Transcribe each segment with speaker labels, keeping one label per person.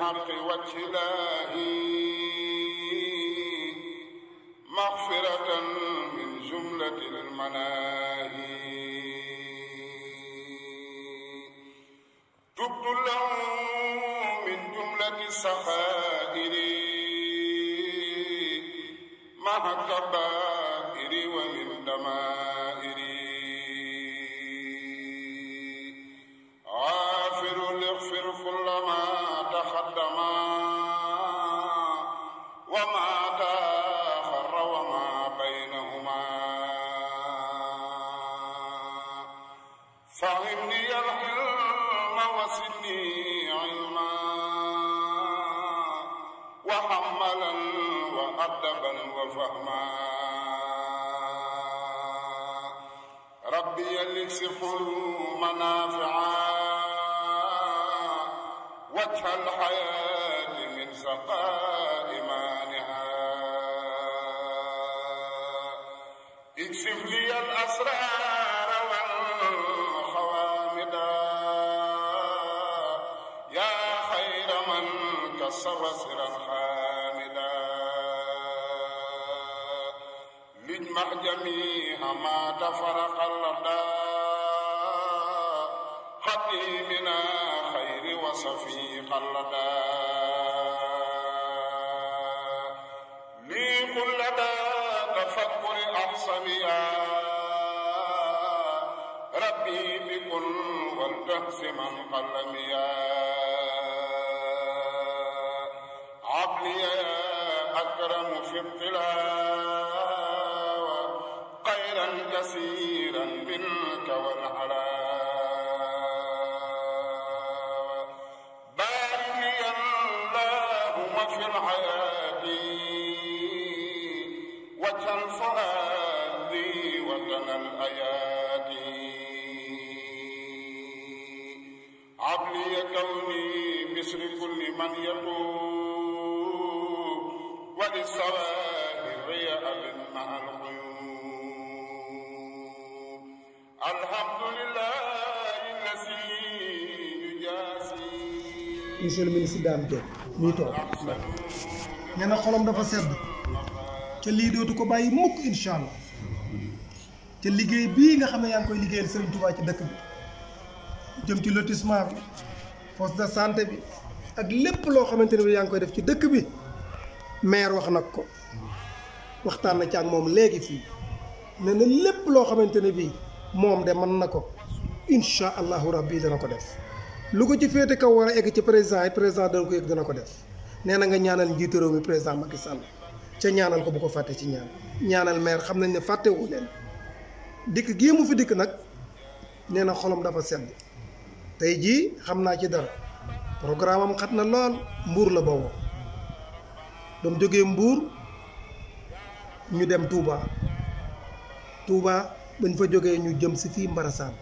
Speaker 1: بحق وجه الله مغفرة من جملة المناهي تبت له من جملة السخائر مع التبارك وما تاخر وما بينهما فهمني العلم وسني علما وحملا وأدبا وفهما ربي يكسف منافعا وجه الحياة من سقايا اكشف لي الأسرار والخوامد يا خير من كسر سرا حامدا لجمع جميع ما تفرق الأرض خطيمنا خير وصفي قلدا صبيا ربي بكل والتهس من قل عبلي يا أكرم في التلاوة خيرا كثيرا منك والحلاوة عبلي كوني مثل كل من يقول وللسواء الرياء لما الغيوم الحمد لله الذي يجازي
Speaker 2: مثل من سدام جد ميتو نانا خلوم دفا سد تا لي دوتو كو باي موك ان شاء الله تا ليغي بي nga xamne yang koy ligéyal serigne touba ci dëkk bi jëm ci lotissement bi force de santé bi ak lépp loo xamante ne bi yaa ngi koy def ci dëkk bi maire wax na ko waxtaan na ci ak moom léegi fii ne na lépp loo xamante ne bii moom de mën na ko incha allahu rabbi dana ko def lu ko ci féete kaw war a egg ci président yi président dana ko yëg dana ko def nee na nga ñaanal njiitu réew mi président Macky Sall ca ñaanal ko bu ko fàtte ci ñaan ñaanal maire xam nañ ne fàtte wu leen dikk gii mu fi dikk nag nee na xolam dafa sedd tay ji xam naa ci dara programme am xat na lool mbuur la bawoo dam jógee mbuur ñu dem Touba Touba bañ fa jógee ñu jëm si fii Mbarasaan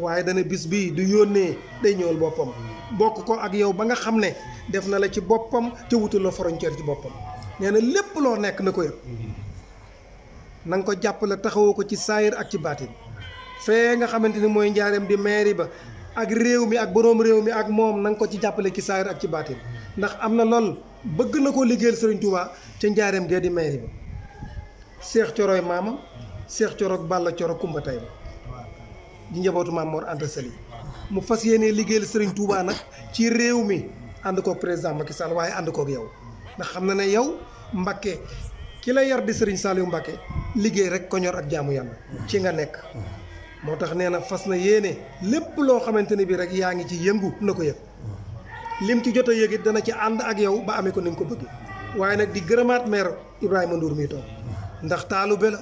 Speaker 2: waaye dana bis bii du yónnee day ñëwal boppam bokk ko ak yow ba nga xam ne def na la ci boppam te wutul la frontière ci boppam nee na lépp loo nekk na ko nga ko jàppale taxawoo ko ci saayir ak ci baatin fee nga xamante ni mooy di maire ba ak réew mi ak boroom réew mi ak moom nanga nga ko ci jàppale ci saayir ak ci baatin ndax am na lool bëgg na koo liggéeyal Serigne Touba ca njaareem gee di mairie bi seex coroy maama seex coroog Balla coro Kumba tay ba di njabootu maam Mor Anta Sali mu fas yéenee liggéeyal Serigne Touba nag ci réew mi ànd koog président Macky Sall waaye ànd koog yow ndax xam na ne yow Mbakke ki la yar di Serigne Saliou Mbakke liggéey rek ko ñor ak jaamu yàlla ci nga nekk. moo tax nee na fas na yéene lépp loo xamante ne bii rek yaa ngi ci yëngu na ko yëg lim ci jot a yëg it dana ci ànd ak yow ba amee ko ni ko bëgg waaye nag di gërëmaat maire Ibrahima Ndour mi toog ndax taalube la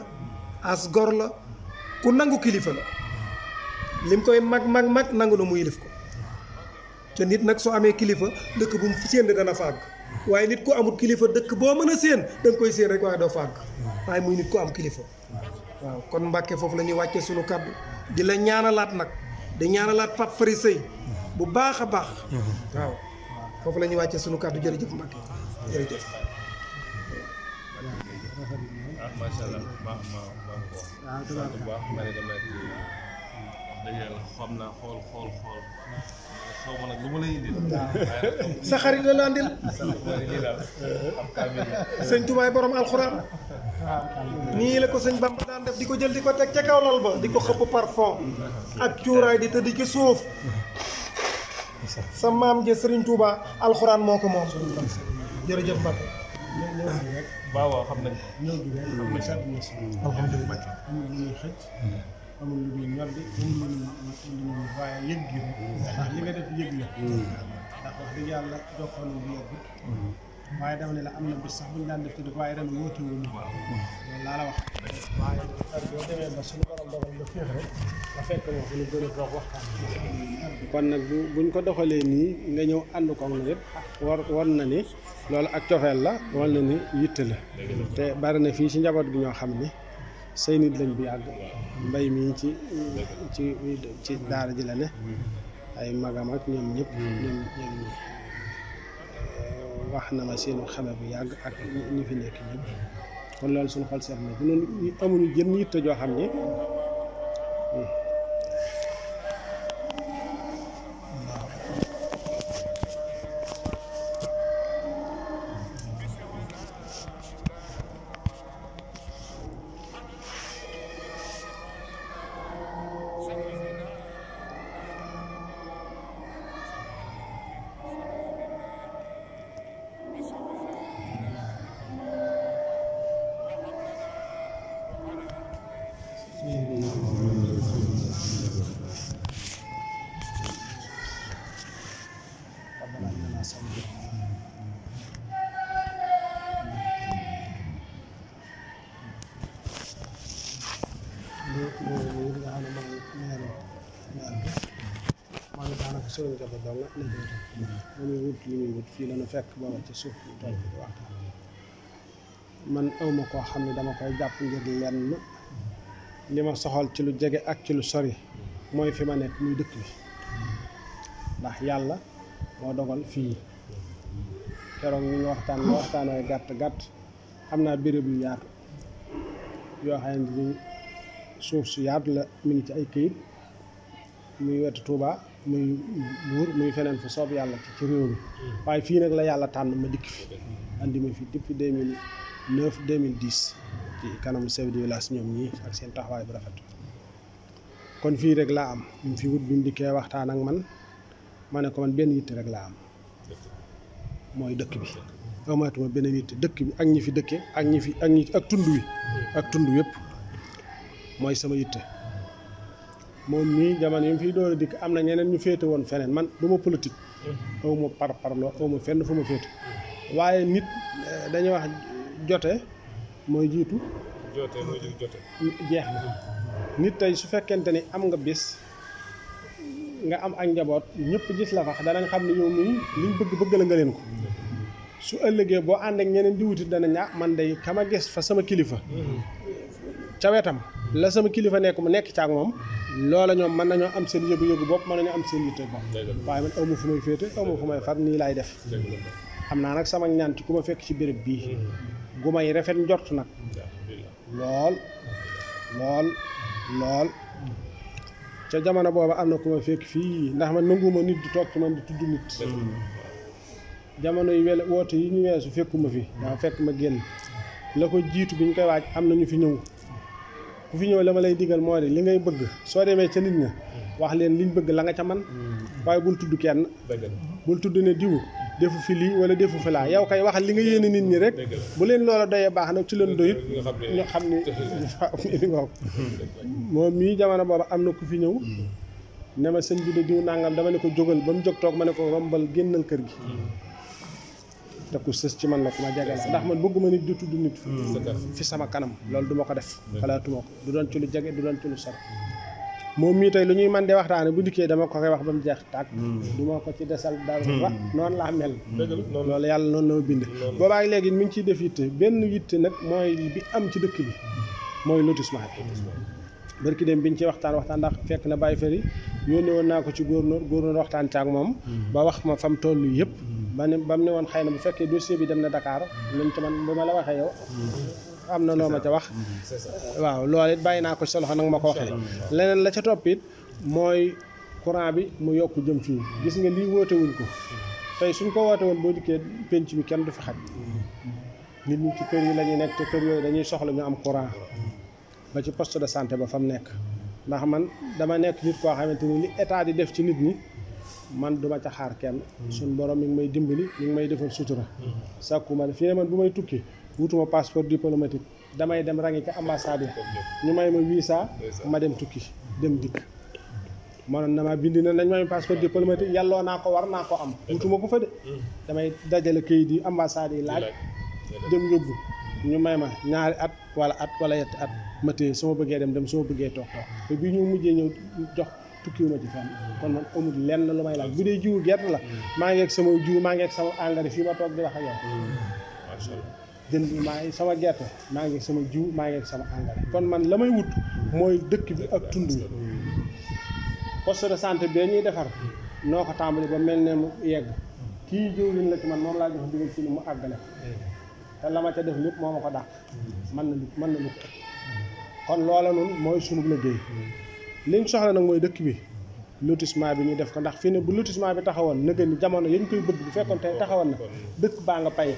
Speaker 2: as gor la ku nangu kilifa la lim koy mag mag mag nangu na mu yilif ko te nit nag soo amee kilifa dëkk bu mu séen dana fàgg waaye nit ku amul kilifa dëkk boo mën a séen da koy séen rek waaye doo fàgg waaye muy nit ku am kilifa kon Mbàkke foofu la ñuy wàcce sunu di la ñaanalaat nag di ñaanalaat Pape Fary Seye bu baax a baax. Mm-hmm. waaw foofu la ñuy wàccee sunu kàddu jërëjëf Mbacke jërëjëf.
Speaker 3: ah macha allah bu baax dëgg yàlla xam
Speaker 2: la la andil. Tubaay borom alxuraan. nii la ko sëñ Bamba daan def di jël di ca kaw lal ba. parfum ak di tëdd ci suuf. sa maam ja sëriñ Touba alxuraan moo ko moom. xam nañ ko.
Speaker 3: amul lu muy ñor di amul lu muy am na bis sax bu ñu daan ba suñu borom dogal kon nag bu buñ ko doxalee nii nga ñëw ànd ko na yëpp war war na ni loolu ak cofeel la war na ni yitte la te bari na fii ci njaboot bi ñoo xam ni say nit lañ bu yàgg mbay mi ci ci ci daara ji la ne ay magam ak ñoom ñëpp ñoom wax na ma seenu xame bu yàgg ak ñu fi nekk ñëpp kon loolu suñu xol seet na bu noonu jën yitte joo xam ni sëriñ mm-hmm. fii la fekk booba ci suuf bi tool man awma koo xam ne dama koy jàpp ngir lenn li ma soxal ci lu jege ak ci lu sori mooy fi ma nekk muy dëkk bi ndax yàlla moo dogal fii keroog ñu ngi waxtaan nga waxtaanee gàtt gàtt xam naa béréb yu yaatu yoo xam ne suuf su yaatu la mi ngi ci ay këyit muy wetu Touba. muy buur muy feneen fu soob yàlla ci réew mi waaye fii nag la yàlla tànn ma dikk fi andi ma fi depuis deux mille neuf deux mille dix ci kanamu chef de village ñoom ñii ak seen taxawaay bu rafet kon fii rek laa am bi mu fi wut bi mu dikkee waxtaan ak man ma ne ko man benn yitte rek laa am mooy dëkk bi amaatuma benn yitte dëkk bi ak ñi fi dëkke ak ñi fi ak ñi ak tund wi ak tund yëpp mooy sama yitte moom mii jamono yi mu fiy door a dikk am na ñeneen ñu féete woon feneen man du ma politique. Mm-hmm. aw ma par parloo aw fenn fu ma féete. waaye nit eh, dañuy wax jote mooy jiitu. jeex na nit tey su fekkente ni am nga bis nga am ak njaboot ñëpp gis la fax danañ xam ne yow mii liñ bëgg bëgg la nga leen ko. su ëllëgee boo ànd ak ñeneen di wutit dana ñaa man day kama gis fa sama kilifa. Mm-hmm. ca wetam. la sama kilifa nekk mu nekk ci ak moom loola ñoom mën nañoo am seen yëgu-yëgu bopp mën nañoo am seen yitte bopp waaye man aw ma fu may féete aw ma fu may far am naa nag sama ñaan ku ma fekk ci béréb bii mm. gu may rafet njort nag lool lool lool jamono booba am na ku ma fekk fii ndax man nanguma nit di toog ci man di tudd nit yi ñu weesu fekkuma fi fekk ma génn la ko jiitu bi koy waaj am na ñu fi ñëw ku fi ñëw la ma lay digal moo di li ngay bëgg soo demee ca nit ña wax leen liñ bëgg la nga ca man waaye bul tudd kenn bul tudd ne diw defu fi lii wala defu fi yow kay wax li nga yéene nit ñi rek bu leen a doyee baax na ci leen doyut ñu xam ni moom mii jamono boobu am na ku fi ñëw mm. ne ma seen bi de diw nangam dama ne ko jógal ba mu jóg toog ma ne ko rombal génnal kër gi mm. daf ko sës ci man nag ma jagal ndax man bëgguma nit di tudd nit fi sama kanam loolu duma ko def xalaatuma ko du doon ci lu jege du doon ci lu sore moom mii tey lu ñuy man de waxtaane bu dikkee dama ko koy wax ba mu jeex tàkk du ko ci desal dara hmm. noonu laa mel loolu yàlla noonu la bind boobaa ak léegi mi ngi ciy def yitte benn yitte nag mooy bi am ci dëkk bi mooy lotissement bi barki dem biñ ci waxtaan waxtaan ndax fekk na bàyyi Fary yónnee woon naa ko ci góornóor góornóor waxtaan ci ak moom mm-hmm. ba wax ma fam toll yëpp mm-hmm. ba ne ba mu ne woon xay na bu fekkee dossier bi dem na Dakar lañ mm-hmm. ci man bu ma la waxee yow am na loo ma ca wax waaw loolu it bàyyi naa ko ci sa loxo nag ma ko waxee leneen la ca topp mooy courant bi mu yokk jëm fii gis nga lii woote wuñ ko tey suñ ko woote woon boo dikkee penc bi kenn du fi xaj nit ñi ci kër yi la ñuy yooyu dañuy soxla ñu am courant ba ci poste de santé ba fa mu nekk ndax man dama nekk nit koo xamante ni li état di def ci nit ñi man duma ca xaar kenn mm-hmm. suñ borom mi ngi may dimbali mi ngi may defal sutura mm-hmm. sàkku man fi ne man bu may tukki wutuma passeport diplomatique damay dem rangi ca ambassade yi ñu may ma visa ma dem tukki dem dikk manoon na maa bind na nañ may passeport diplomatique yàlloo naa ko war naa ko am wutuma ko fa de mm-hmm. damay dajale kayit yi ambassade yi laaj dem yóbbu ñu may ma ñaari at wala at wala yetti at ma téye soo bëggee dem dem soo bëggee toog toog te bi ñu mujjee ñëw jox tukkiwu ma ci fenn kon man amul lenn lu may laaj bu dee jiwu gerte la maa ngi ak sama jiwu maa ngi ak sama engrais fii ma toog di wax ak yow maa ngi sama gerte maa ngi sama jiwu maa ngi kon man la may wut mooy dëkk bi ak tund bi poste de santé bee ñuy defar noo ko tàmbali ba mel ne mu yegg kii jiw liñ la ci man moom laa jox ndigal ci ni mu àggale te la ma ca def lépp moo ma ko dàq man na lu man na lu kon loola noonu mooy la liggéey liñ soxla nag mooy dëkk bi lotissement bi ñu def ko ndax fii ne bu lotissement bi taxawoon na jamono yañ koy bëgg bu fekkoon tey taxawoon na dëkk baa nga pay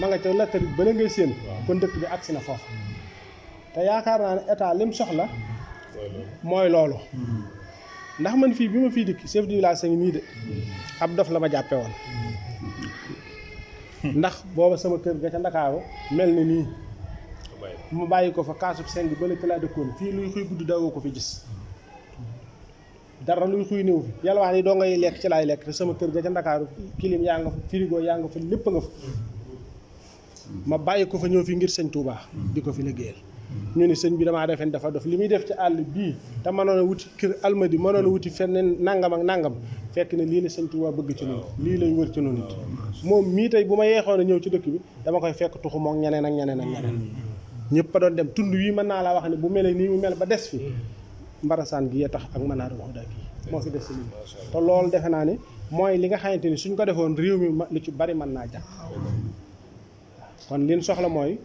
Speaker 3: ma nga ca lattari ba la ngay séen kon dëkk bi agsi na foofu te yaakaar naa ne état lim soxla mooy loolu ndax man fii bi ma fii dikk chef du village sa nii de ab dof la ma jàppe woon ndax booba sama kër ga ca Ndakaaru mel ni nii mu bàyyi ko fa kaasub seng bële ca laa dëkkoon fii luy xuy gudd dawoo ko fi gis dara luy xuy néew fi yàlla wax ni doo ngay lekk ci laay lekk te sama kër ga ca Ndakaaru kilim yaa nga fa frigo yaa nga fa lépp nga fa ma bàyyi ko fa ñëw fi ngir sëñ Touba di ko fi liggéeyal ñu ni sëñ bi damaa defen dafa dof li muy def ci àll bii te mënoon a wuti kër almadi mënoon a wuti fenn nangam ak nangam fekk ne lii la sëñ Tuubaa bëgg ci noonu lii lay wër ci noonu it moom mii tey bu ma yeexoon a ñëw ci dëkk bi dama koy fekk tuxu moom ñeneen ak ñeneen ak ñeneen ñëpp a doon dem tund wii mën naa laa wax ne bu mele nii mu mel ba des fi mbarasaan gi ya tax ak mën naa doon xudaa moo fi des si lii te loolu defe naa ne mooy li nga xamante ni suñ ko defoon réew mi lu ci bari mën naa jàpp kon liñ soxla mooy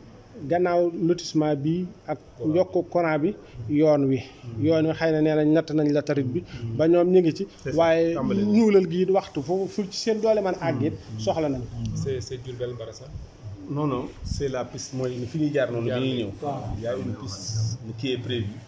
Speaker 3: gannaaw lotissement bi ak yokk courant bi yoon wi mm-hmm. yoon wi xay na nee nañ natt nañ la tarit bi mm-hmm. ba ñoom ñu ngi ci waaye ñuulal gi waxtu foofu fu ci seen doole man àgg it mm-hmm. soxla nañ c'est Diourbel Barassa non non c'est la piste mooy fi ñuy jaar noonu bi ñuy ñëw y a une piste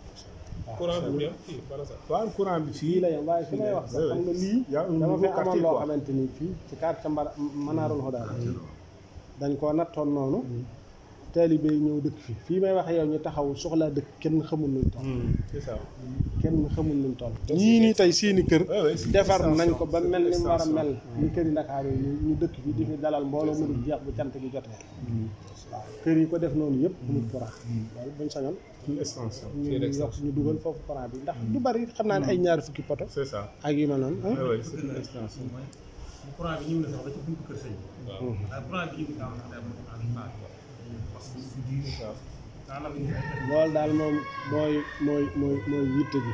Speaker 2: Ah, courant bi fii
Speaker 3: waaw courant bi fii la yem waaye fi may wax sax xam nga lii dama fi amoon loo xamante ni fii ci quartier Manaarul Hudaa dañ koo nattoon noonu mm. taalibe ñëw dëkk fi fi may wax yow ñu taxaw soxla dëkk kenn xamul nuñ toll. kenn xamul nuñ toll. ñi ni tay seeni kër. defar nañ ko ba mel ni wara mel. ñu kër yi dakar yi ñu dëkk fi di fi dalal mbolo mu dul jeex bu tant gi jotté kër yi ko def nonu yëpp. bu ñu courant. loolu bañ sañoon. ñu yokk ñu duggal fofu courant bi ndax du bari xam naa ay ñaar fukki poto. c'est ça ak yu mel noonu.
Speaker 2: courant bi ñëw na sax ba ci buntu kër sëñ bi. waaw courant bi ñëw na
Speaker 3: sax loolu daal moom mooy mooy mooy mooy yitte ji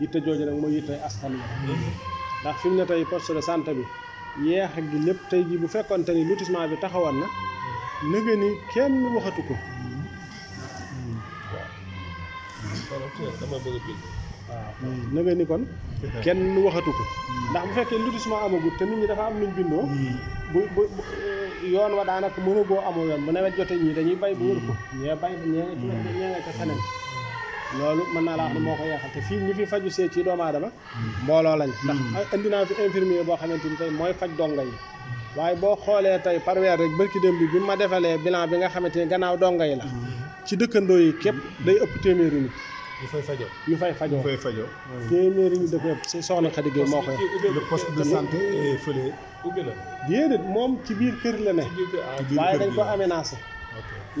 Speaker 3: yitte jooju nag mooy yitte askan bi ndax fi ne tey poste de sant bi yeex gi lépp tey ji bu fekkonte ni lotissement bi taxawaan na nëgë ni kenn waxatu ko waaw ni kon kenn waxatu ko ndax bu fekkee lotissement amagut te nit ñi dafa am luñ bindoo bu bu yoon wa daanaka mënu boo amoo yoon bu nawet jotee ñii dañuy bay bu wër ko ñee bay ñee nga ci ñee nga ca feneen loolu mën naa laa wax moo ko yeexal te fii ñu fi faju see ci doomu aadama mbooloo lañ ndax indi naa fi infirmier boo xamante ni tey mooy faj donga yi waaye boo xoolee tey parweer rek barki démb bi bi ma defalee bilan bi nga xamante ni gannaaw donga yi la ci dëkkandoo yi képp day ëpp téeméeri nit yu fay fajoo yu fay fajoo yu fay fajoo. téeméeri ñu dëkk si soxna Khady Gueye moo koy. le poste de santé fële. ubbi la déedéet moom ci biir kër la ne.
Speaker 2: Ah, waaye dañ ko
Speaker 3: aménagé.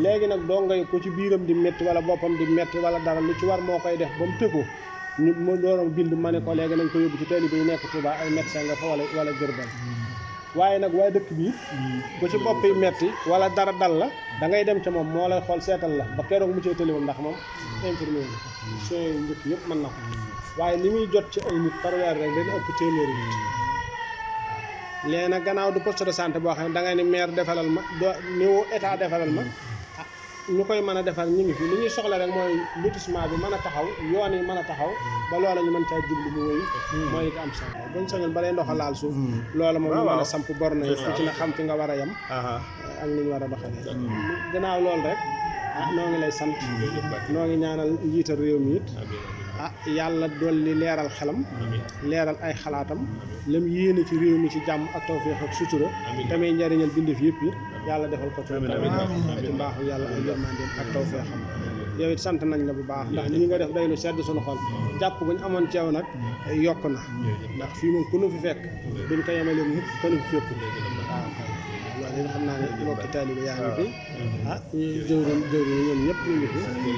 Speaker 3: léegi nag dongo yi ko ci biiram di métti wala boppam di métti wala dara lu ci war moo koy def ba mu tëggoo ñu mu doon bind ma ne ko léegi nañ ko yóbbu ci tali bi ñu nekk Touba ay médecin nga fa wala wala Diourbel. Hmm. waaye nag waaye dëkk bi hmm. ku ci bopp metti wala dara dal la da ngay dem ca moom moo lay xool seetal la ba keroog mu cee tëli moom ndax moom hmm. infirmier soins yu njëkk mën na ko waaye li muy jot ci ay nit par weer rek dana ëpp téeméeri nit léegi gannaaw du poste de santé boo xam ne da ngay ne maire defalal ma niveau état defalal ma ah, ñu koy mën a defal ñu ngi fi li ñuy soxla rek mooy lotissement bi mën a taxaw yoon yi mën a taxaw ba loola ñu mën caa jublu bu wéy hmm. mooy li ko am sax ba ndox a laal suuf hmm. loola moom ñu mën a samp bor na ci na xam fi nga war a yem ak ni ñu war a doxalee hmm. gannaaw loolu rek ah noo ngi lay sant noo ngi ñaanal njiital réew mi it ah yàlla dolli leeral xelam leeral ay xalaatam lam yéene ci réew mi ci jàmm ak tawféex ak sutura tamit njariñal bindeef yëpp yi yàlla defal ko ci ci mbaaxu yàlla ay yërmandeem ak tawféexam yow it sant nañ la bu baax ndax lii nga def day lu sedd sunu xol jàpp guñ amoon ceew nag yokk na ndax fii moom ku nu fi fekk duñ ko yemale mukk ku fi fekk loolu xam naa ne mbokki taalibe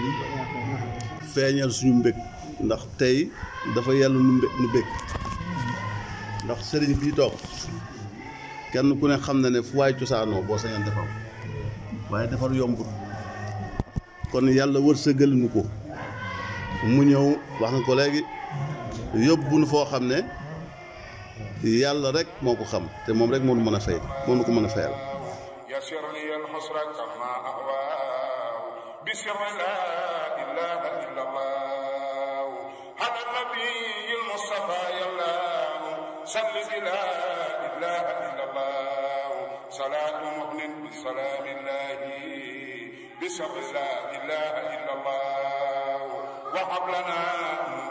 Speaker 3: ah, feeñal suñu mbég ndax tey dafa yàlla nu mbég bég ndax sëriñ bii toog kenn ku ne xam na ne fu waay cosaanoo boo sañoon defar
Speaker 1: waaye defar yombut kon yàlla wërsëgal nu ko mu ñëw wax nga ko léegi yóbbu nu foo xam ne. يالا رك موكو خم تي موم رك مونو مانا فاي مونو كو مانا moo nu ko mën a fayal يسرني الحسر كما أهواه بسر لا إله إلا الله على النبي المصطفى يلا صل لا إله إلا الله صلاة مؤمن بسلام الله بسر لا إله إلا الله وحبلنا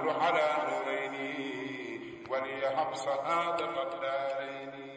Speaker 1: نور على نوري ولي حبس هذا الدارين